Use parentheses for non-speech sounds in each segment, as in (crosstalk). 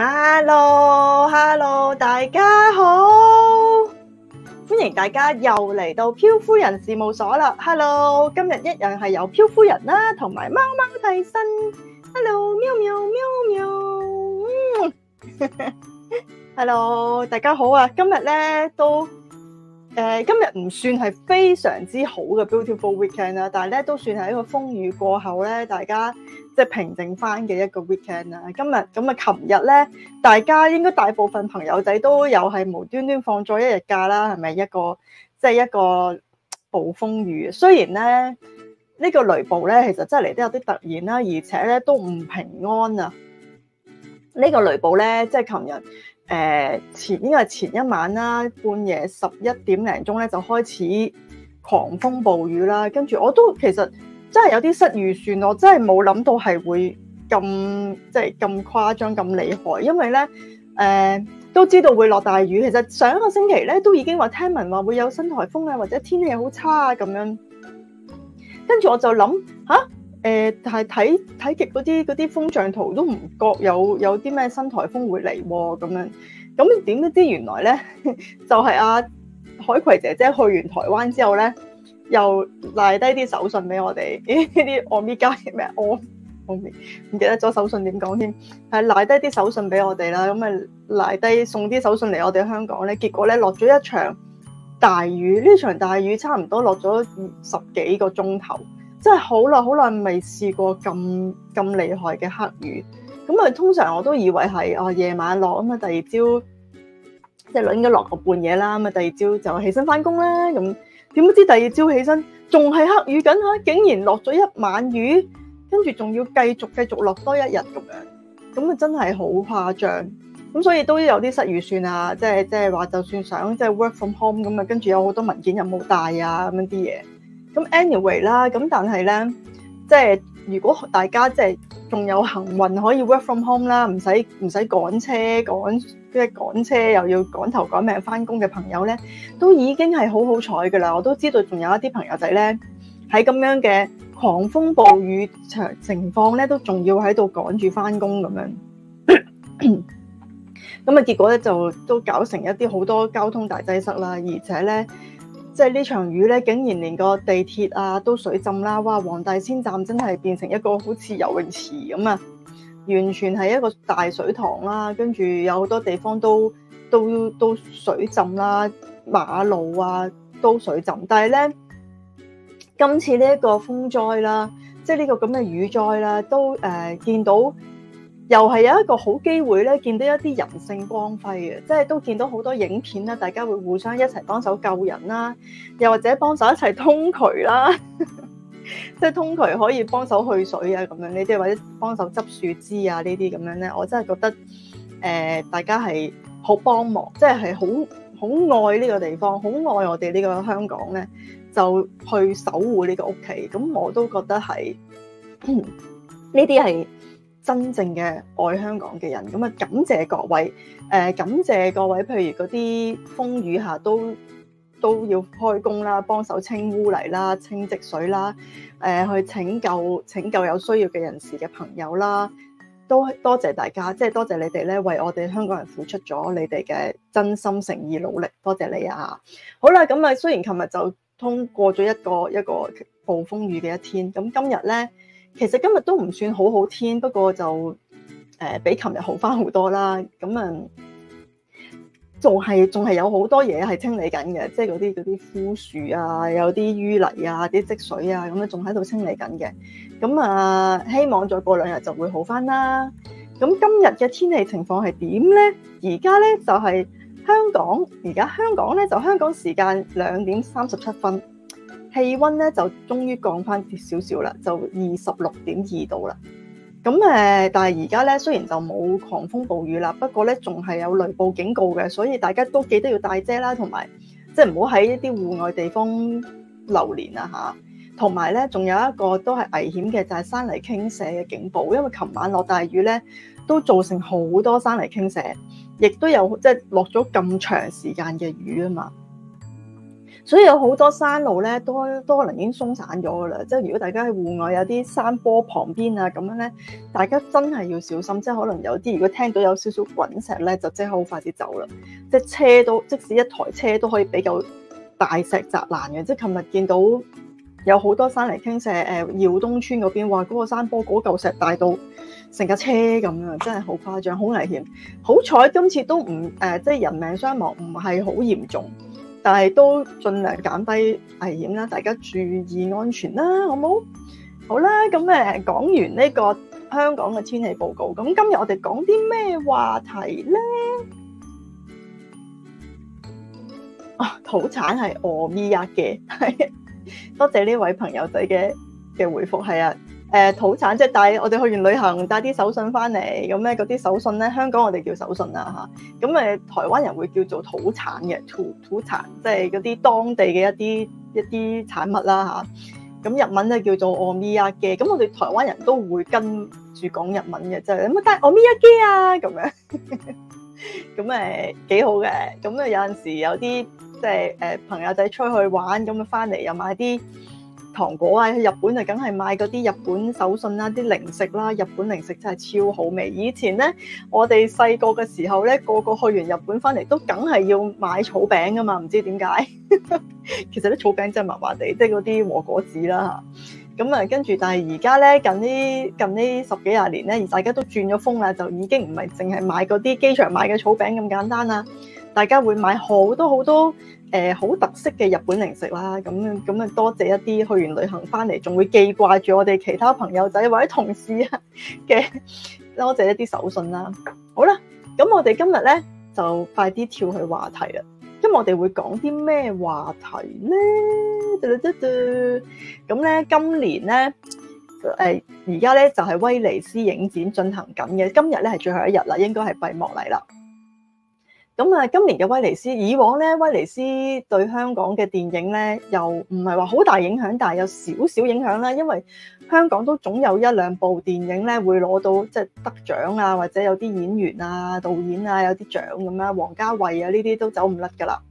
Hello，Hello，Hello, 大家好，歡迎大家又嚟到漂夫人事務所啦。Hello，今日一樣係由漂夫人啦、啊，同埋貓貓替身。Hello，喵喵喵喵，喵、嗯、 (laughs) ，Hello 大家好啊，今日咧都。誒今日唔算係非常之好嘅 Beautiful Weekend 啦，但係咧都算係一個風雨過後咧，大家即係平靜返嘅一個 Weekend 啦。今日咁啊，琴日咧，大家應該大部分朋友仔都有係無端端放咗一日假啦，係咪一個即係、即係、一個暴風雨？雖然咧呢、呢個雷暴咧，其實真係嚟得有啲突然啦，而且咧都唔平安啊！呢、呢個雷暴咧，即係琴日。誒、呃，前應該係前一晚啦，半夜十一點零鐘咧就開始狂風暴雨啦，跟住我都其實真係有啲失預算，我真係冇諗到係會咁即係咁誇張咁厲害，因為咧，誒、呃、都知道會落大雨，其實上一個星期咧都已經話聽聞話會有新颱風啊，或者天氣好差啊咁樣，跟住我就諗：「吓？」誒，但係睇睇極嗰啲嗰啲風象圖都唔覺有有啲咩新颱風會嚟喎咁樣，咁點都知原來咧 (laughs) 就係阿、啊、海葵姐姐去完台灣之後咧，又賴低啲手信俾我哋，咦，呢啲我咪加啲咩？我我唔記得咗手信點講添，係賴低啲手信俾我哋啦，咁咪賴低送啲手信嚟我哋香港咧。結果咧，落咗一場大雨，呢場大雨差唔多落咗十幾個鐘頭。真係好耐好耐未試過咁咁厲害嘅黑雨，咁啊通常我都以為係哦夜晚落咁啊第二朝即係輪咗落個半夜啦，咁啊第二朝就起身翻工啦咁，點知第二朝起身仲係黑雨緊嚇，竟然落咗一晚雨，跟住仲要繼續繼續落多一日咁樣，咁啊真係好誇張，咁所以都有啲失預算啊，即係即係話就算想即係 work from home 咁啊，跟住有好多文件有冇帶啊咁樣啲嘢。咁 anyway 啦，咁但係咧，即係如果大家即係仲有幸運可以 work from home 啦，唔使唔使趕車趕，即係趕車又要趕頭趕命翻工嘅朋友咧，都已經係好好彩嘅啦。我都知道仲有一啲朋友仔咧，喺咁樣嘅狂風暴雨情情況咧，都仲要喺度趕住翻工咁樣。咁啊，結果咧就都搞成一啲好多交通大擠塞啦，而且咧，即係呢場雨咧，竟然連個地鐵啊都水浸啦！哇，黃大仙站真係變成一個好似游泳池咁啊，完全係一個大水塘啦，啊。跟住有好多地方都都都水浸啦，馬路啊都水浸。但係咧，今次呢一個風災啦，即係呢個咁嘅雨災啦，都誒、呃、見到。又係有一個好機會咧，見到一啲人性光輝嘅，即係都見到好多影片啦。大家會互相一齊幫手救人啦，又或者幫手一齊通渠啦， (laughs) 即係通渠可以幫手去水啊咁樣呢啲，或者幫手執樹枝啊呢啲咁樣咧，我真係覺得誒、呃，大家係好幫忙，即係係好好愛呢個地方，好愛我哋呢個香港咧，就去守護呢個屋企。咁我都覺得係呢啲係。嗯真正嘅愛香港嘅人，咁啊感謝各位，誒、呃、感謝各位，譬如嗰啲風雨下都都要開工啦，幫手清污泥啦、清積水啦，誒、呃、去拯救拯救有需要嘅人士嘅朋友啦，都多，多謝大家，即係多謝你哋咧，為我哋香港人付出咗你哋嘅真心誠意努力，多謝你啊！好啦，咁啊雖然琴日就通過咗一個一個暴風雨嘅一天，咁今日咧。其實今日都唔算好好天，不過就誒比琴日好翻好多啦。咁啊，仲係仲係有好多嘢係清理緊嘅，即係嗰啲嗰啲枯樹啊，有啲淤泥啊，啲積水啊，咁樣仲喺度清理緊嘅。咁啊，希望再過兩日就會好翻啦。咁今日嘅天氣情況係點咧？而家咧就係、是、香港，而家香港咧就香港時間兩點三十七分。氣溫咧就終於降翻少少啦，就二十六點二度啦。咁誒，但係而家咧雖然就冇狂風暴雨啦，不過咧仲係有雷暴警告嘅，所以大家都記得要帶遮啦，同埋即係唔好喺一啲戶外地方流連啊吓。同埋咧，仲有一個都係危險嘅就係山泥傾瀉嘅警報，因為琴晚落大雨咧都造成好多山泥傾瀉，亦都有即係落咗咁長時間嘅雨啊嘛。所以有好多山路咧，都都可能已經鬆散咗噶啦。即係如果大家喺戶外有啲山坡旁邊啊咁樣咧，大家真係要小心。即係可能有啲，如果聽到有少少滾石咧，就即刻好快啲走啦。即係車都，即使一台車都可以比較大石砸爛嘅。即係琴日見到有好多山泥傾瀉，誒、呃，耀東村嗰邊話嗰、那個山坡嗰嚿石大到成架車咁樣，真係好誇張，好危險。好彩今次都唔誒、呃，即係人命傷亡唔係好嚴重。但係都盡量減低危險啦，大家注意安全啦，好冇？好啦，咁誒講完呢個香港嘅天氣報告，咁今日我哋講啲咩話題咧？啊，土產係俄米亞嘅，係多謝呢位朋友仔嘅嘅回覆，係啊。誒、嗯、土產即係帶我哋去完旅行，帶啲手信翻嚟咁咧，嗰啲手信咧，香港我哋叫手信啦嚇，咁、啊、誒台灣人會叫做土產嘅土土產，即係嗰啲當地嘅一啲一啲產物啦嚇。咁、啊、日文咧叫做 omiyage，咁我哋台灣人都會跟住講日文嘅，即係乜帶 omiyage 啊咁樣，咁誒幾好嘅。咁誒有陣時有啲即係誒朋友仔出去玩咁樣翻嚟又買啲。糖果啊，日本啊，梗係買嗰啲日本手信啦、啊，啲零食啦、啊啊，日本零食真係超好味。以前咧，我哋細個嘅時候咧，個個去完日本翻嚟都梗係要買草餅噶嘛，唔知點解。 (laughs) 其實啲草餅真係麻麻地，即係嗰啲和果子啦嚇。咁啊，跟住但係而家咧近呢近呢十幾廿年咧，而大家都轉咗風啦，就已經唔係淨係買嗰啲機場買嘅草餅咁簡單啦。大家會買好多好多誒好、呃、特色嘅日本零食啦，咁樣咁啊，多謝一啲去完旅行翻嚟，仲會記掛住我哋其他朋友仔或者同事啊嘅多謝一啲手信啦。好啦，咁我哋今日咧就快啲跳去話題啦。咁我哋會講啲咩話題咧？嘟嘟嘟嘟。咁咧今年咧誒而家咧就係、是、威尼斯影展進行緊嘅，今日咧係最後一日啦，應該係閉幕禮啦。今年嘅威尼斯，以往呢，威尼斯對香港嘅電影呢，又唔係話好大影響，但係有少少影響啦。因為香港都總有一兩部電影呢，會攞到即係得獎啊，或者有啲演員啊、導演啊有啲獎咁樣。王家衞啊，呢啲都走唔甩㗎啦。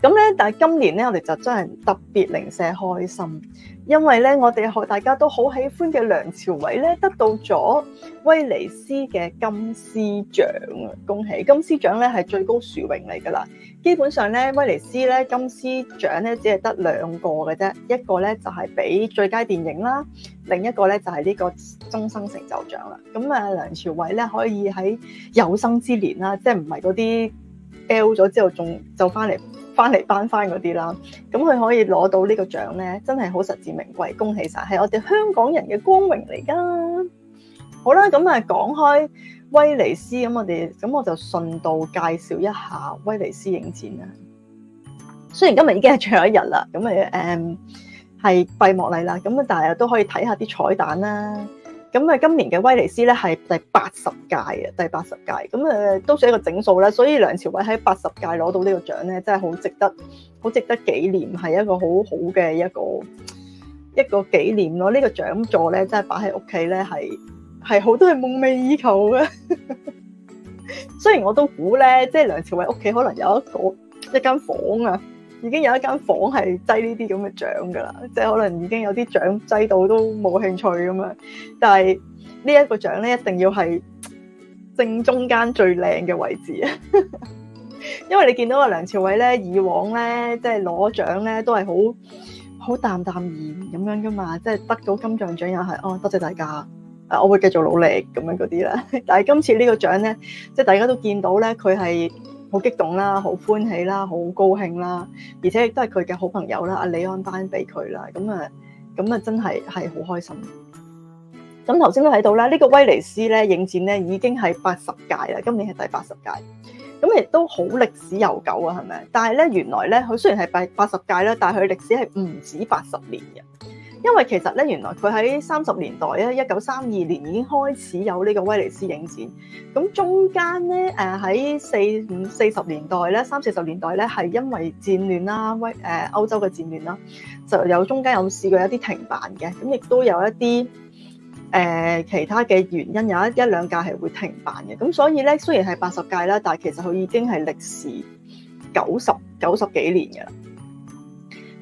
咁咧，但係今年咧，我哋就真係特別零舍開心，因為咧，我哋好大家都好喜歡嘅梁朝偉咧，得到咗威尼斯嘅金獅獎啊！恭喜金獅獎咧，係最高殊榮嚟㗎喇。基本上咧，威尼斯咧金獅獎咧，只係得兩個嘅啫，一個咧就係俾最佳電影啦，另一個咧就係呢個終身成就獎啦。咁啊，梁朝偉咧可以喺有生之年啦，即係唔係嗰啲 L 咗之後仲就翻嚟。翻嚟頒翻嗰啲啦，咁佢可以攞到呢個獎咧，真係好實至名貴，恭喜晒，係我哋香港人嘅光榮嚟噶。好啦，咁啊講開威尼斯，咁我哋咁我就順道介紹一下威尼斯影展啦。雖然今日已經係最後一日啦，咁啊誒係閉幕禮啦，咁、嗯、啊但係都可以睇下啲彩蛋啦。咁啊，今年嘅威尼斯咧係第八十屆啊，第八十屆咁啊，都算是一個整數啦。所以梁朝偉喺八十屆攞到呢個獎咧，真係好值得，好值得紀念，係一個很好好嘅一個一個紀念咯。呢、這個獎座咧，真係擺喺屋企咧，係係好多人夢寐以求嘅。 (laughs) 雖然我都估咧，即係梁朝偉屋企可能有一個一間房啊，已經有一間房係擠呢啲咁嘅獎噶啦，即係可能已經有啲獎擠到都冇興趣咁樣。但係呢一個獎咧，一定要係正中間最靚嘅位置啊！ (laughs) 因為你見到阿梁朝偉咧，以往咧即係攞獎咧都係好好淡淡然咁樣噶嘛，即係得到金像獎又係哦，多謝大家，我會繼續努力咁樣嗰啲啦。但係今次呢個獎咧，即係大家都見到咧，佢係。好激動啦，好歡喜啦，好高興啦，而且亦都係佢嘅好朋友啦，阿李安頒俾佢啦，咁啊，咁啊真係係好開心。咁頭先都睇到啦，呢、這個威尼斯咧影展咧已經係八十屆啦，今年係第八十屆，咁亦都好歷史悠久啊，係咪？但係咧，原來咧，佢雖然係第八十屆啦，但係佢歷史係唔止八十年嘅。因為其實咧，原來佢喺三十年代咧，一九三二年已經開始有呢個威尼斯影展。咁中間咧，誒喺四五四十年代咧，三四十年代咧，係因為戰亂啦，威誒歐洲嘅戰亂啦，就有中間有試過一啲停辦嘅。咁亦都有一啲誒、呃、其他嘅原因，有一一兩屆係會停辦嘅。咁所以咧，雖然係八十屆啦，但係其實佢已經係歷史九十九十幾年嘅啦。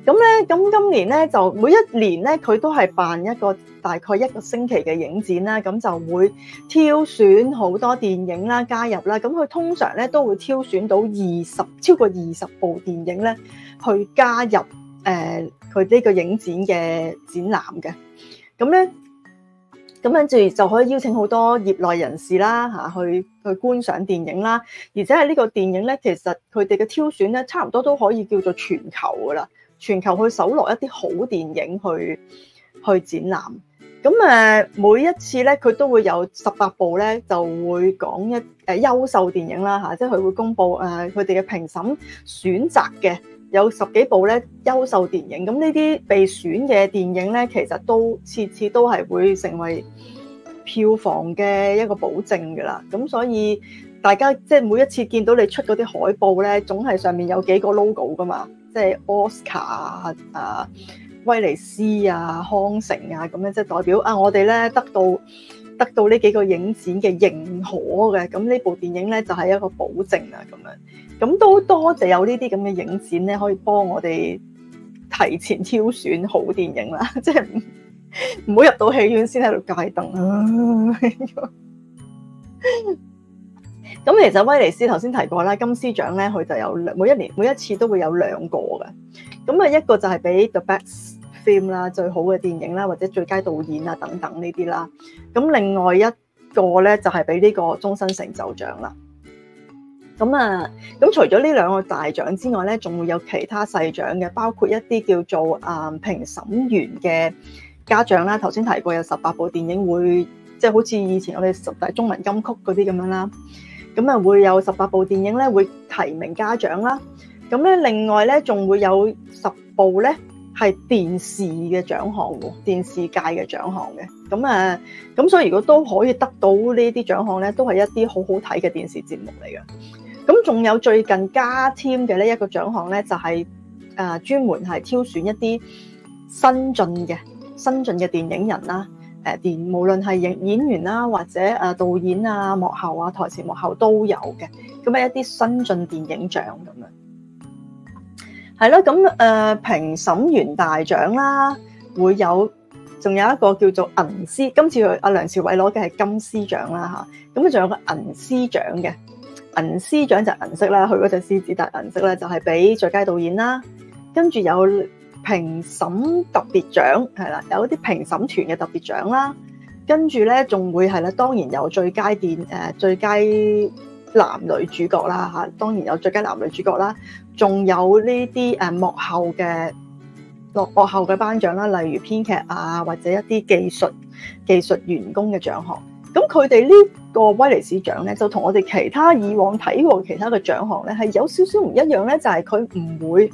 咁咧，咁今年咧就每一年咧，佢都係辦一個大概一個星期嘅影展啦。咁就會挑選好多電影啦，加入啦。咁佢通常咧都會挑選到二十，超過二十部電影咧，去加入誒佢呢個影展嘅展覽嘅。咁咧，咁跟住就可以邀請好多業內人士啦，嚇去去觀賞電影啦。而且係呢個電影咧，其實佢哋嘅挑選咧，差唔多都可以叫做全球㗎喇。全球去搜羅一啲好電影去去展覽，咁誒每一次咧，佢都會有十八部咧，就會講一誒優秀電影啦吓，即係佢會公布誒佢哋嘅評審選擇嘅有十幾部咧優秀電影，咁呢啲被選嘅電影咧，其實都次次都係會成為票房嘅一個保證噶啦，咁所以大家即係每一次見到你出嗰啲海報咧，總係上面有幾個 logo 噶嘛。即係奧斯卡啊、威尼斯啊、康城啊咁樣，即係代表啊，我哋咧得到得到呢幾個影展嘅認可嘅，咁呢部電影咧就係一個保證啊，咁樣，咁都多謝有呢啲咁嘅影展咧，可以幫我哋提前挑選好電影啦，即係唔好入到戲院先喺度戒燈啊！嗯 (laughs) 咁其實威尼斯頭先提過啦，金獅獎咧，佢就有每一年每一次都會有兩個嘅。咁啊，一個就係俾 The Best Film 啦，最好嘅電影啦，或者最佳導演啊等等呢啲啦。咁另外一個咧就係俾呢個終身成就獎啦。咁啊，咁除咗呢兩個大獎之外咧，仲會有其他細獎嘅，包括一啲叫做啊、嗯、評審員嘅家長啦。頭先提過有十八部電影會即係好似以前我哋十大中文金曲嗰啲咁樣啦。咁啊，會有十八部電影咧，會提名嘉獎啦。咁咧，另外咧，仲會有十部咧係電視嘅獎項喎，電視界嘅獎項嘅。咁啊，咁所以如果都可以得到呢啲獎項咧，都係一啲好好睇嘅電視節目嚟嘅。咁仲有最近加添嘅呢一個獎項咧，就係啊，專門係挑選一啲新晉嘅新晉嘅電影人啦。誒電無論係影演員啦，或者誒導演啊、幕後啊、台前幕後都有嘅，咁啊一啲新晉電影獎咁樣，係咯，咁誒、呃、評審員大獎啦，會有，仲有一個叫做銀獅，今次阿梁朝偉攞嘅係金獅獎啦吓，咁咧仲有個銀獅獎嘅，銀獅獎就銀色啦，佢嗰隻獅子就銀色咧，就係俾最佳導演啦，跟住有。評審特別獎係啦，有一啲評審團嘅特別獎啦，跟住咧仲會係啦，當然有最佳電誒最佳男女主角啦吓，當然有最佳男女主角啦，仲有呢啲誒幕後嘅落幕後嘅頒獎啦，例如編劇啊或者一啲技術技術員工嘅獎項。咁佢哋呢個威尼斯獎咧，就同我哋其他以往睇過其他嘅獎項咧，係有少少唔一樣咧，就係佢唔會。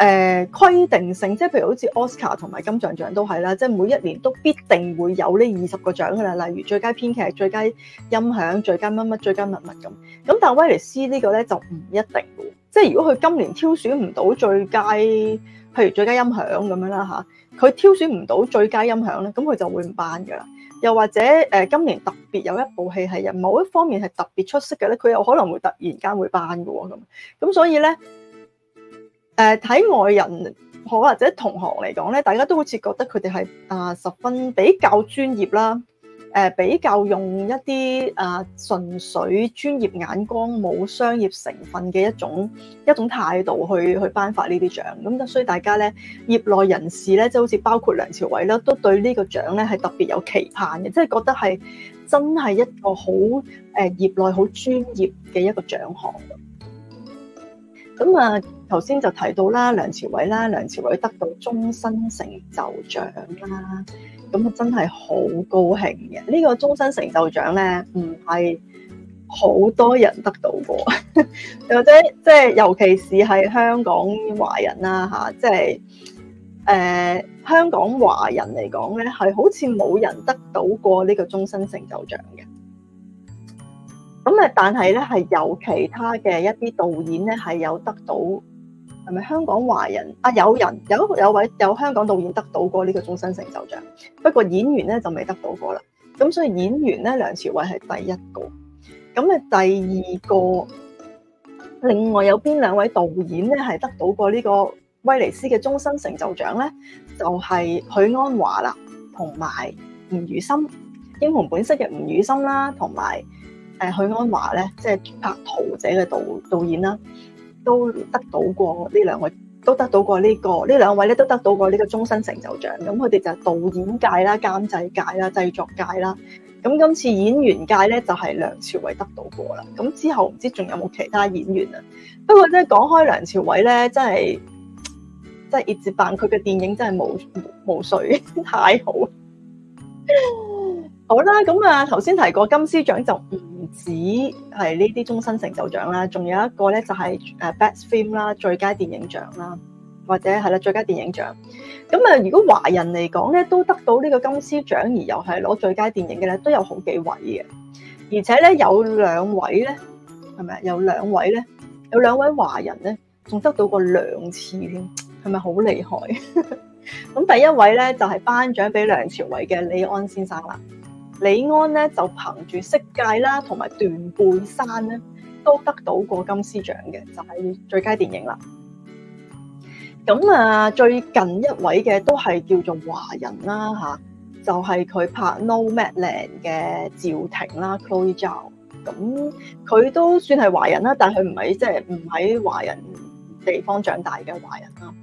誒、呃、規定性，即係譬如好似 Oscar 同埋金像獎都係啦，即係每一年都必定會有呢二十個獎噶啦。例如最佳編劇、最佳音響、最佳乜乜、最佳物物咁。咁但係威尼斯呢個咧就唔一定嘅，即係如果佢今年挑選唔到最佳，譬如最佳音響咁樣啦嚇，佢挑選唔到最佳音響咧，咁佢就會唔頒噶啦。又或者誒，今年特別有一部戲係有某一方面係特別出色嘅咧，佢有可能會突然間會頒嘅喎咁。咁所以咧。誒，睇外人，或或者同行嚟講咧，大家都好似覺得佢哋係啊十分比較專業啦，誒比較用一啲啊純粹專業眼光，冇商業成分嘅一種一種態度去去頒發呢啲獎。咁就所以大家咧業內人士咧，即係好似包括梁朝偉啦，都對呢個獎咧係特別有期盼嘅，即係覺得係真係一個好誒業內好專業嘅一個獎項。咁啊，頭先就提到啦，梁朝偉啦，梁朝偉得到終身成就獎啦，咁啊真係好高興嘅。呢個終身成就獎咧，唔係好多人得到過，或者即係尤其是係香港華人啦嚇，即係誒香港華人嚟講咧，係好似冇人得到過呢個終身成就獎嘅。咁誒，但係咧係有其他嘅一啲導演咧係有得到，係咪香港華人啊？有人有有位有香港導演得到過呢個終身成就獎，不過演員咧就未得到過啦。咁所以演員咧，梁朝偉係第一個。咁誒，第二個另外有邊兩位導演咧係得到過呢個威尼斯嘅終身成就獎咧？就係、是、許鞍華啦，同埋吳宇森《英雄本色》嘅吳宇森啦，同埋。誒許鞍華咧，即、就、係、是、拍《桃姐》嘅導導演啦，都得到過呢兩位，都得到過呢、這個呢兩位咧，都得到過呢個終身成就獎。咁佢哋就係導演界啦、監製界啦、製作界啦。咁今次演員界咧，就係梁朝偉得到過啦。咁之後唔知仲有冇其他演員啊？不過真係講開梁朝偉咧，真係真係熱字扮佢嘅電影真係冇無無，無水太好了。好啦，咁啊頭先提過金獅獎就。唔止係呢啲終身成就獎啦，仲有一個咧，就係誒 Best Film 啦，最佳電影獎啦，或者係啦，最佳電影獎。咁啊，如果華人嚟講咧，都得到呢個金獅獎，而又係攞最佳電影嘅咧，都有好幾位嘅。而且咧，有兩位咧，係咪有兩位咧？有兩位華人咧，仲得到過兩次添，係咪好厲害？咁 (laughs) 第一位咧就係、是、頒獎俾梁朝偉嘅李安先生啦。李安咧就憑住《色戒》啦，同埋《斷背山》咧，都得到過金獅獎嘅，就係最佳電影啦。咁啊，最近一位嘅都係叫做華人啦，吓，就係佢拍《Nomadland》嘅趙婷啦，Chloe Zhao。咁佢都算係華人啦，但佢唔係即係唔喺華人地方長大嘅華人啦。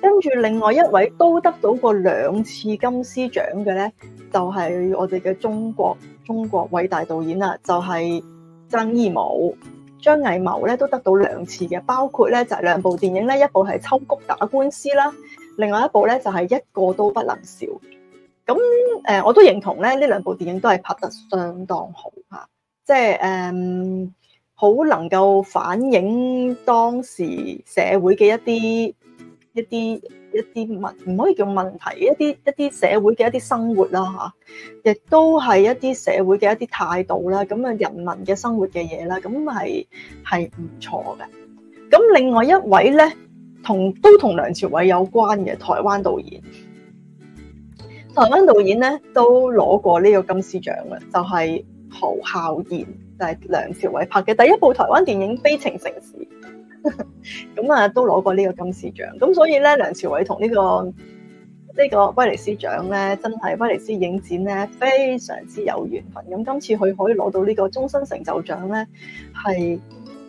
跟住另外一位都得到過兩次金獅獎嘅咧。就係我哋嘅中國中國偉大導演啦、啊，就係、是、曾義武、張藝謀咧都得到兩次嘅，包括咧就係、是、兩部電影咧，一部係《秋菊打官司》啦，另外一部咧就係、是《一個都不能少》。咁誒，我都認同咧，呢兩部電影都係拍得相當好嚇，即係誒好能夠反映當時社會嘅一啲一啲。一啲問唔可以叫問題，一啲一啲社會嘅一啲生活啦嚇，亦都係一啲社會嘅一啲態度啦，咁啊人民嘅生活嘅嘢啦，咁係係唔錯嘅。咁另外一位咧，同都同梁朝偉有關嘅台灣導演，台灣導演咧都攞過呢個金獅獎嘅，就係侯孝賢，就係梁朝偉拍嘅第一部台灣電影《悲情城市》。咁啊， (laughs) 都攞過呢個金獅獎，咁所以咧，梁朝偉同呢個呢、這個威尼斯獎咧，真係威尼斯影展咧，非常之有緣分。咁今次佢可以攞到呢個終身成就獎咧，係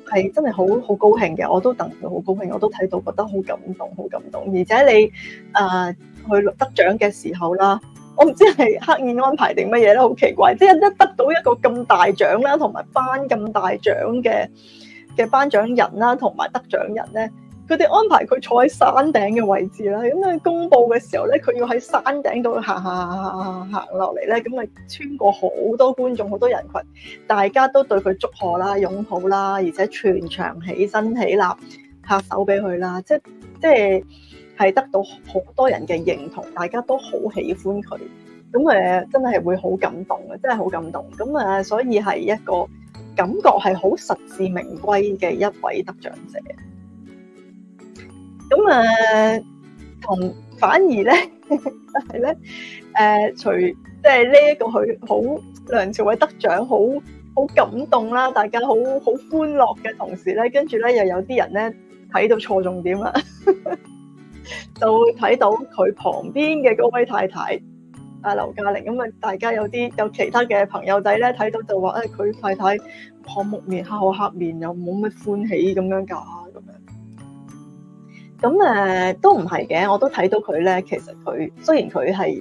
係真係好好高興嘅。我都戥佢好高興，我都睇到覺得好感動，好感動。而且你啊，佢、呃、得獎嘅時候啦，我唔知係刻意安排定乜嘢咧，好奇怪。即係一得到一個咁大獎啦，同埋頒咁大獎嘅。嘅頒獎人啦，同埋得獎人咧，佢哋安排佢坐喺山頂嘅位置啦。咁啊，公佈嘅時候咧，佢要喺山頂度行行行行行落嚟咧。咁啊，穿過好多觀眾、好多人群，大家都對佢祝賀啦、擁抱啦，而且全場起身起立拍手俾佢啦。即即係係得到好多人嘅認同，大家都好喜歡佢。咁誒，真係會好感動嘅，真係好感動。咁啊，所以係一個，感覺係好實至名歸嘅一位得獎者，咁誒同反而咧，但係咧，誒除即係呢一個佢好梁朝偉得獎好好感動啦，大家好好歡樂嘅同時咧，跟住咧又有啲人咧睇到錯重點啦，就會睇到佢旁邊嘅嗰位太太。啊，劉嘉玲咁啊，大家有啲有其他嘅朋友仔咧睇到就話，誒、哎，佢太太紅木面黑，黑面又冇乜歡喜咁樣㗎，咁樣。咁、呃、誒都唔係嘅，我都睇到佢咧。其實佢雖然佢係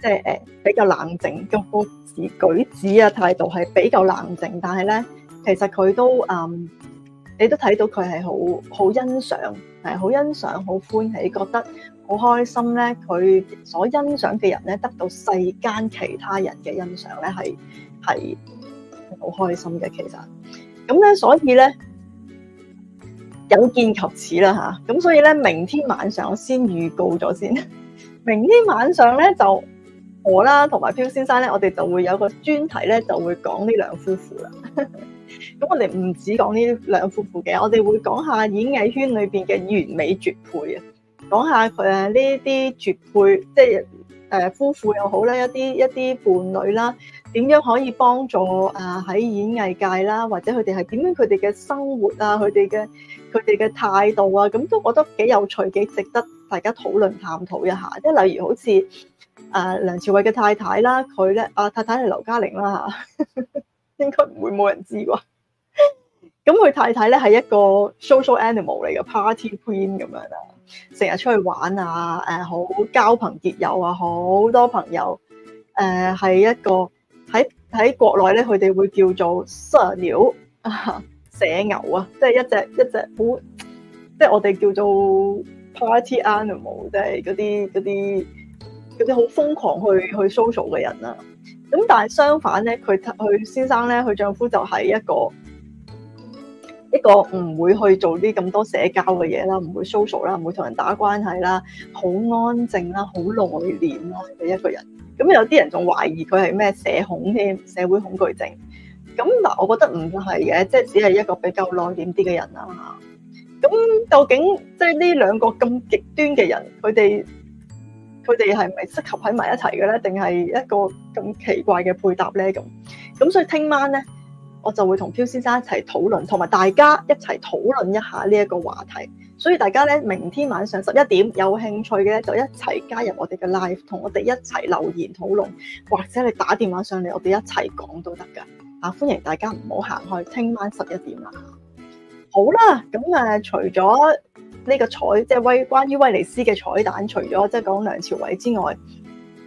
即係誒比較冷靜，個字舉止啊態度係比較冷靜，但係咧，其實佢都嗯，你都睇到佢係好好欣賞，係好欣賞，好歡喜，覺得。好開心咧！佢所欣賞嘅人咧，得到世間其他人嘅欣賞咧，係係好開心嘅。其實咁咧，所以咧有見及此啦吓，咁、啊、所以咧，明天晚上我先預告咗先。明天晚上咧，就我啦同埋漂先生咧，我哋就會有個專題咧，就會講呢兩夫婦啦。咁 (laughs) 我哋唔止講呢兩夫婦嘅，我哋會講下演藝圈裏邊嘅完美絕配啊！講下佢誒呢啲絕配，即係誒夫婦又好咧，一啲一啲伴侶啦，點樣可以幫助啊喺演藝界啦，或者佢哋係點樣佢哋嘅生活啊，佢哋嘅佢哋嘅態度啊，咁都覺得幾有趣，幾值得大家討論探討一下。即係例如好似誒梁朝偉嘅太太啦，佢咧啊太太係劉嘉玲啦嚇，應該唔會冇人知啩。咁佢太太咧係一個 social animal 嚟嘅 party queen 咁樣啦。成日出去玩啊！誒，好交朋結友啊，好多朋友誒，係、呃、一個喺喺國內咧，佢哋會叫做 social 啊，社牛啊，即係一隻一隻好，即係我哋叫做 party animal，即係嗰啲嗰啲嗰啲好瘋狂去去 social 嘅人啊。咁但係相反咧，佢佢先生咧，佢丈夫就係一個，一個唔會去做啲咁多社交嘅嘢啦，唔會 social 啦，唔會同人打關係啦，好安靜啦，好內斂啦嘅一個人。咁有啲人仲懷疑佢係咩社恐添，社會恐懼症。咁嗱，我覺得唔係嘅，即係只係一個比較內斂啲嘅人啦。咁究竟即係呢兩個咁極端嘅人，佢哋佢哋係咪適合喺埋一齊嘅咧？定係一個咁奇怪嘅配搭咧？咁咁所以聽晚咧？我就會同漂先生一齊討論，同埋大家一齊討論一下呢一個話題。所以大家咧，明天晚上十一點有興趣嘅咧，就一齊加入我哋嘅 live，同我哋一齊留言討論，或者你打電話上嚟，我哋一齊講都得噶。啊，歡迎大家唔好行開，聽晚十一點啦。好啦，咁誒、啊，除咗呢個彩，即係威關於威尼斯嘅彩蛋，除咗即係講梁朝偉之外，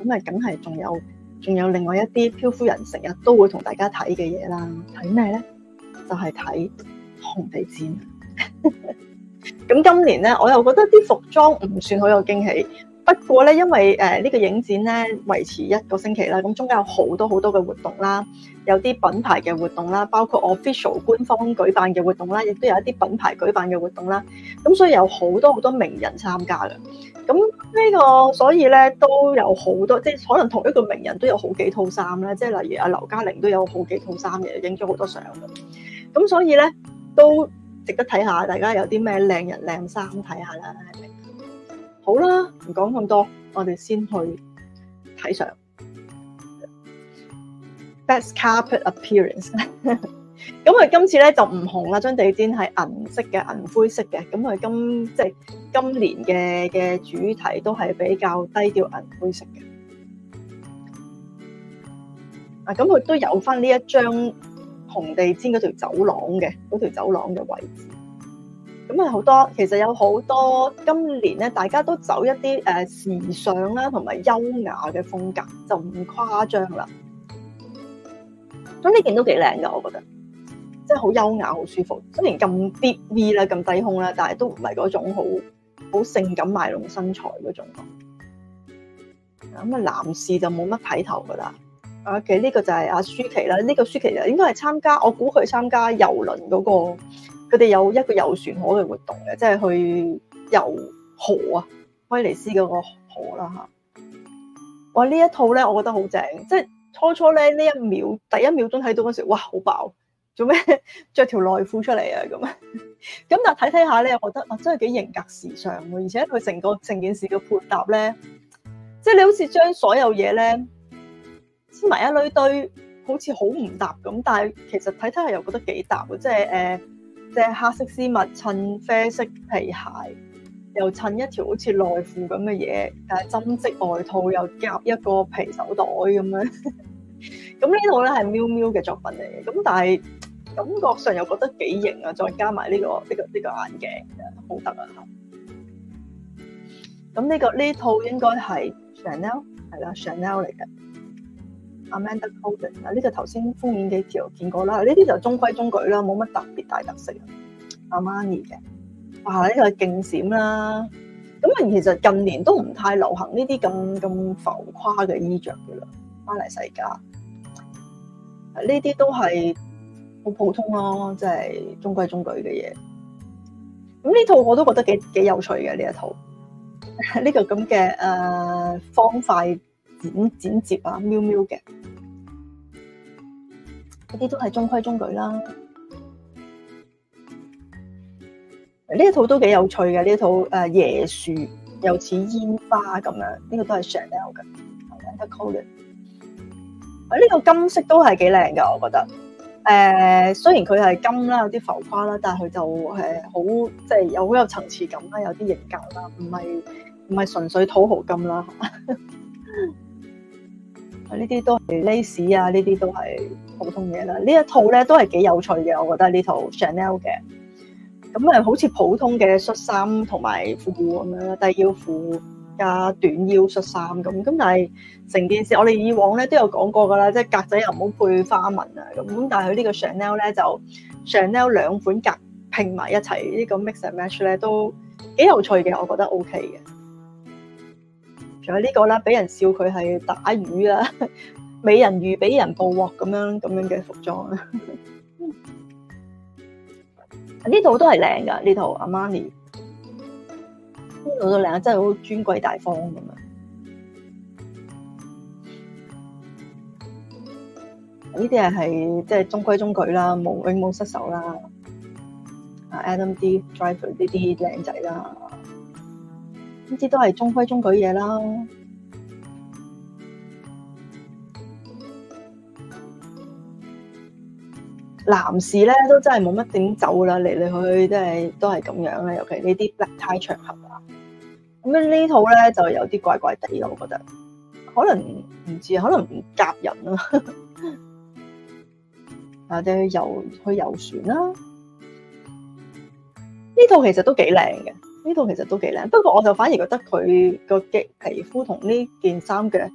咁誒，梗係仲有。仲有另外一啲漂夫人，成日都會同大家睇嘅嘢啦。睇咩咧？就係睇紅地毯。咁 (laughs) 今年咧，我又覺得啲服裝唔算好有驚喜。不過咧，因為誒呢個影展咧維持一個星期啦，咁中間有好多好多嘅活動啦，有啲品牌嘅活動啦，包括 official 官方舉辦嘅活動啦，亦都有一啲品牌舉辦嘅活動啦。咁所以有好多好多名人參加嘅。咁呢個所以咧都有好多，即係可能同一個名人都有好幾套衫啦。即係例如阿劉嘉玲都有好幾套衫嘅，影咗好多相。咁所以咧都值得睇下，大家有啲咩靚人靚衫睇下啦。好啦，唔講咁多，我哋先去睇相。Best carpet appearance。 (laughs) 咁佢今次咧就唔紅啦，張地毯係銀色嘅、銀灰色嘅。咁佢今即係、即係、今年嘅嘅主題都係比較低調銀灰色嘅。啊，咁佢都有返呢一張紅地毯嗰條走廊嘅，嗰條走廊嘅位置。咁啊好多，其實有好多今年咧，大家都走一啲誒時尚啦，同埋優雅嘅風格，就唔誇張啦。咁呢件都幾靚㗎，我覺得。即係好優雅，好舒服。雖然咁 BB 啦，咁低胸啦，但係都唔係嗰種好好性感賣弄身材嗰種。咁啊，男士就冇乜睇頭噶啦。其 k 呢個就係阿舒淇啦。呢、這個舒淇就應該係參加，我估佢參加遊輪嗰、那個，佢哋有一個遊船河嘅活動嘅，即係去遊河啊，威尼斯嗰個河啦嚇。哇！呢一套咧，我覺得好正。即係初初咧，呢一秒第一秒鐘睇到嗰時候，哇！好爆！做咩着條內褲出嚟啊？咁，咁但睇睇下咧，我覺得啊真係幾型格時尚嘅，而且佢成個成件事嘅配搭咧，即係你好似將所有嘢咧黐埋一堆堆，好似好唔搭咁，但係其實睇睇下又覺得幾搭嘅，即係誒、呃，即係黑色絲襪襯啡色皮鞋，又襯一條好似內褲咁嘅嘢，但係針織外套又夾一個皮手袋咁樣，咁 (laughs) 呢套咧係 Miu Miu 嘅作品嚟嘅，咁但係。感覺上又覺得幾型啊！再加埋呢個呢個呢個眼鏡，好特啊！咁呢個呢套應該係 Chanel 係啦，Chanel 嚟嘅。Amanda Cotton 啊，呢個頭先封面幾條見過啦。呢啲就中規中矩啦，冇乜特別大特色。阿 Marni 嘅，哇！呢個勁閃啦。咁啊，其實近年都唔太流行呢啲咁咁浮誇嘅衣着噶啦，巴黎世家。呢啲都係。好普通咯，啊，即係中規中矩嘅嘢。咁呢套我都覺得幾幾有趣嘅呢一套，呢 (laughs) 個咁嘅誒方塊剪剪接啊，喵喵嘅，嗰啲都係中規中矩啦。呢一套都幾有趣嘅呢套誒椰、呃、樹，又似煙花咁樣的，呢、這個都係 Chanel 嘅，有啲扣連。啊，呢個金色都係幾靚㗎，我覺得。誒、uh, 雖然佢係金啦，有啲浮誇啦，但係佢就誒好即係有好有層次感啦，有啲型格啦，唔係唔係純粹土豪金啦。呢啲都係 lace 啊，呢啲都係普通嘢啦。呢一套咧都係幾有趣嘅，我覺得呢套 Chanel 嘅。咁啊，好似普通嘅恤衫同埋褲咁樣啦，低腰褲。啊，短腰恤衫咁，咁但係成件事，我哋以往咧都有講過噶啦，即係格仔又唔好配花紋啊咁，但係佢呢個 Chanel 咧就 Chanel 兩款格拼埋一齊呢，呢個 mix and match 咧都幾有趣嘅，我覺得 OK 嘅。仲有呢個呢個啦，俾人笑佢係打魚啊，美人魚俾人捕獲咁樣咁樣嘅服裝啊。呢 (laughs) 套都係靚噶，呢套 Armani 做到靚，真係好尊貴大方咁樣。呢啲人係即係中規中矩啦，冇永冇失手啦。Adam D Driver 呢啲靚仔啦，呢啲都係中規中矩嘢啦。男士咧都真係冇乜點走啦，嚟嚟去去，真係都係都係咁樣咧，尤其呢啲出差場合啊。咁咧呢套咧就有啲怪怪地咯，我覺得可能唔知，可能唔夾人啦。 (laughs) 或者去遊去遊船啦，呢套其實都幾靚嘅，呢套其實都幾靚。不過我就反而覺得佢個嘅皮膚同呢件衫嘅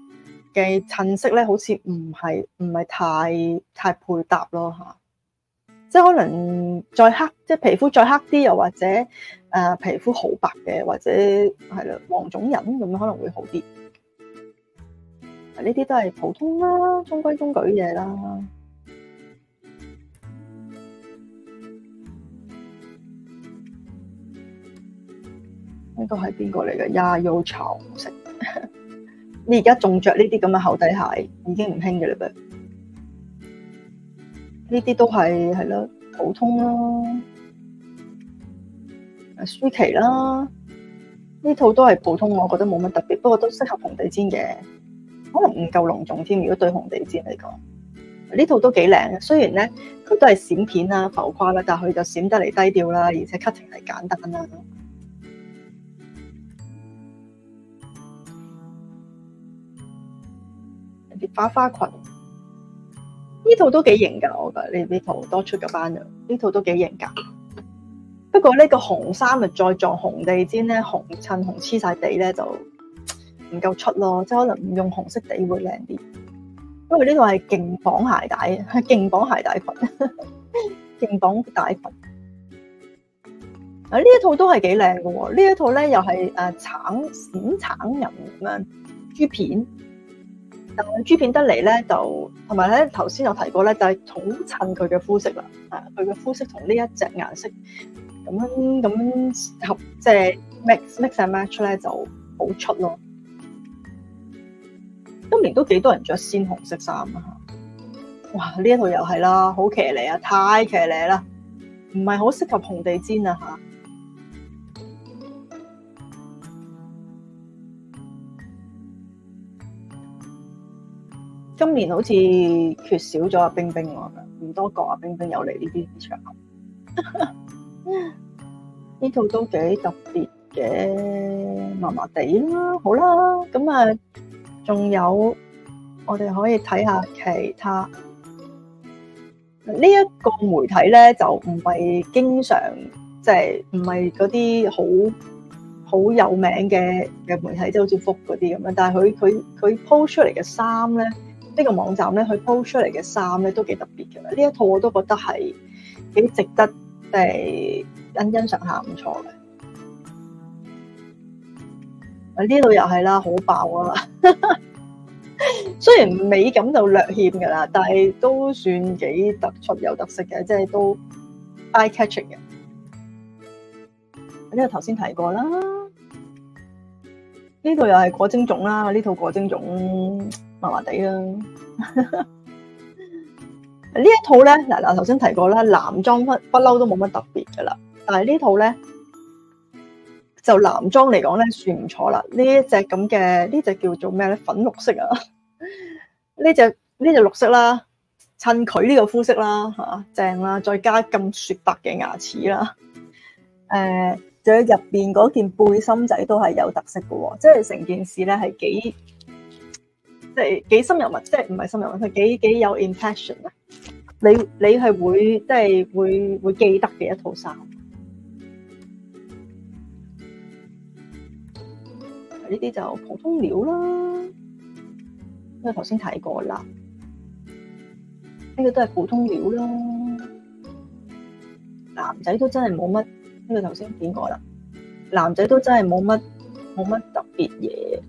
嘅襯色咧，好似唔係唔係太太配搭咯嚇。即可能再黑，即皮膚再黑啲，又或者誒皮膚好白嘅，或者係啦、呃、黃種人咁樣可能會好啲。呢啲都係普通啦，中規中矩嘢啦。呢個係邊個嚟嘅？Are y you 吵色？你而家仲着呢啲咁嘅厚底鞋，已經唔興嘅嘞噃。呢啲都係係咯，普通啦，舒淇啦，呢套都係普通，我覺得冇乜特別，不過都適合紅地毯嘅，可能唔夠隆重添。如果對紅地毯嚟講，呢套都幾靚嘅。雖然咧，佢都係閃片啦、浮誇啦，但係佢就閃得嚟低調啦，而且 cutting 係簡單啦，啲花花裙。呢套都幾型噶，我覺得呢套多出個班嘅，呢套都幾型噶。不過呢個紅衫又再撞紅地氈咧，紅襯紅黐晒地咧就唔夠出咯，即係可能唔用紅色地會靚啲。因為呢套係勁綁鞋帶，係勁綁鞋帶裙，勁綁大裙。啊，呢一套都係幾靚噶，呢一套咧又係誒橙閃橙人咁樣珠片。但係豬片得嚟咧，就同埋咧頭先有呢我提過咧，就係好襯佢嘅膚色啦。佢嘅膚色同呢一隻顏色咁，咁、就是、合，即係 mix mix match 咧就好出咯。今年都幾多人着鮮紅色衫啊！哇，呢一套又係啦，好騎呢啊，太騎呢啦，唔係好適合紅地氈啊嚇今年好似缺少咗阿冰冰，我唔多覺阿冰冰有嚟呢啲場合。呢 (laughs) 套都幾特別嘅，麻麻地啦，好啦，咁啊，仲有我哋可以睇下其他呢一、這個媒體咧，就唔係經常即係唔係嗰啲好好有名嘅嘅媒體，即、就、係、是、好似福嗰啲咁樣，但係佢佢佢鋪出嚟嘅衫咧。呢個網站咧，佢鋪出嚟嘅衫咧都幾特別嘅。呢一套我都覺得係幾值得誒欣欣賞下，唔錯嘅。啊，呢度又係啦，好爆啊！ (laughs) 雖然美感就略欠㗎啦，但係都算幾突出有特色嘅，即係都 eye catching 嘅。呢個頭先提過啦，呢度又係裹蒸粽啦，呢套裹蒸粽。麻麻地啦，呢、啊啊、 (laughs) 一套咧嗱嗱頭先提過啦，男裝不不嬲都冇乜特別噶啦，但係呢套咧就男裝嚟講咧算唔錯啦。呢一隻咁嘅，呢隻叫做咩咧？粉綠色啊，呢隻呢隻綠色啦，襯佢呢個膚色啦吓、啊，正啦，再加咁雪白嘅牙齒啦，誒、呃，仲有入邊嗰件背心仔都係有特色噶、哦，即係成件事咧係幾。即係幾深入物，即係唔係深入物，佢幾幾有 impression 咧？你你係會即係會會記得嘅一套衫。呢啲就普通料啦，因為頭先睇過啦。呢個都係普通料啦。男仔都真係冇乜，呢個頭先見過啦。男仔都真係冇乜冇乜特別嘢。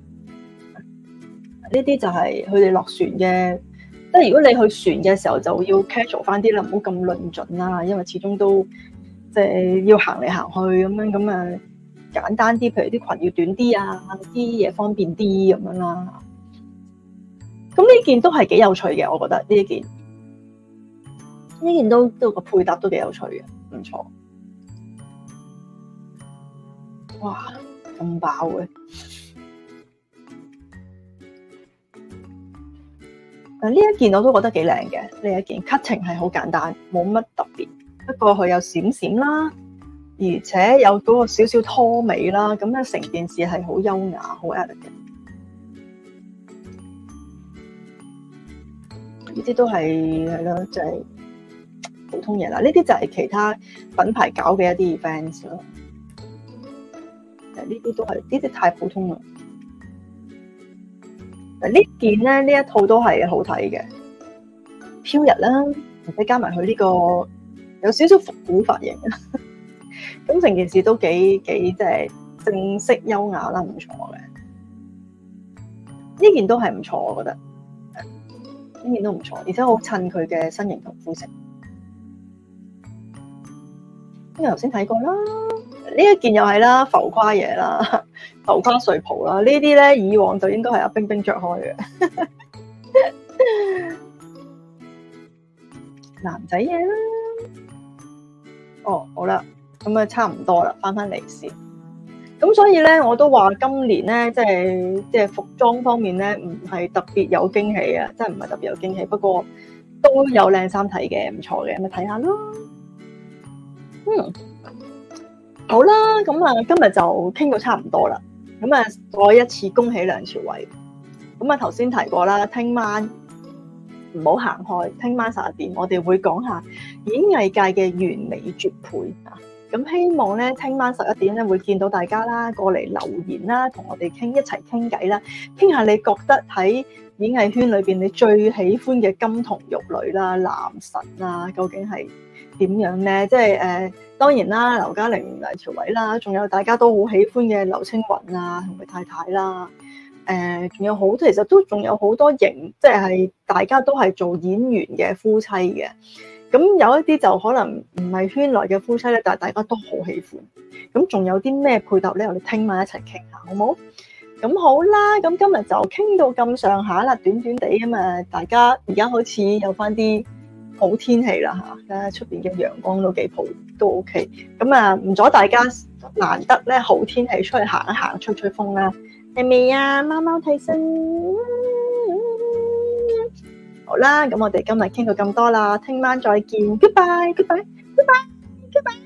呢啲就係佢哋落船嘅，即係如果你去船嘅時候，就要 casual 翻啲啦，唔好咁論盡啦，因為始終都即係要行嚟行去咁樣，咁啊簡單啲，譬如啲裙要短啲啊，啲嘢方便啲咁樣啦。咁呢件都係幾有趣嘅，我覺得呢件呢件都都個配搭都幾有趣嘅，唔錯。哇，咁爆嘅！誒呢一件我都覺得幾靚嘅，呢一件 cutting 係好簡單，冇乜特別，不過佢有閃閃啦，而且有嗰個少少拖尾啦，咁樣成件事係好優雅、好 elegant。呢啲都係係咯，就係普通嘢啦。呢啲就係其他品牌搞嘅一啲 events 咯。誒呢啲都係，呢啲太普通啦。這件呢件咧，呢一套都係好睇嘅，飄逸啦，而且加埋佢呢個有少少復古髮型，咁成件事都幾幾即係正式優雅啦，唔錯嘅。呢件都係唔錯，我覺得呢件都唔錯，而且好襯佢嘅身形同膚色。因為頭先睇過啦，呢一件又係啦，浮誇嘢啦。頭盔睡袍啦，呢啲咧以往就應該係阿冰冰着開嘅， (laughs) 男仔嘢啦。哦，好啦，咁啊差唔多啦，翻翻嚟先。咁所以咧，我都話今年咧，即係即係服裝方面咧，唔係特別有驚喜啊，即係唔係特別有驚喜。不過都有靚衫睇嘅，唔錯嘅，咁咪睇下咯。嗯。好啦，咁啊，今日就傾到差唔多啦。咁啊，再一次恭喜梁朝偉。咁啊，頭先提過啦，聽晚唔好行開。聽晚十一點，我哋會講下演藝界嘅完美絕配啊。咁希望咧，聽晚十一點咧，會見到大家啦，過嚟留言啦，同我哋傾一齊傾偈啦，傾下你覺得喺演藝圈裏邊，你最喜歡嘅金童玉女啦、男神啦，究竟係點樣咧？即係誒，當然啦，劉嘉玲、梁朝偉啦，仲有大家都好喜歡嘅劉青雲啊同佢太太啦，誒、呃，仲有好多，其實都仲有好多型，即係大家都係做演員嘅夫妻嘅。咁有一啲就可能唔係圈內嘅夫妻咧，但係大家都好喜歡。咁仲有啲咩配搭咧？我哋聽晚一齊傾下，好冇好？咁好啦，咁今日就傾到咁上下啦，短短地咁啊，大家而家開始有翻啲好天氣啦吓，咁出邊嘅陽光都幾好，都 OK。咁啊唔阻大家難得咧，好天氣出去行一行，吹吹風啦，係咪啊？貓貓提醒？好啦，咁我哋今日傾到咁多啦，聽晚再見，Goodbye，Goodbye，Goodbye，Goodbye。拜拜拜拜拜拜。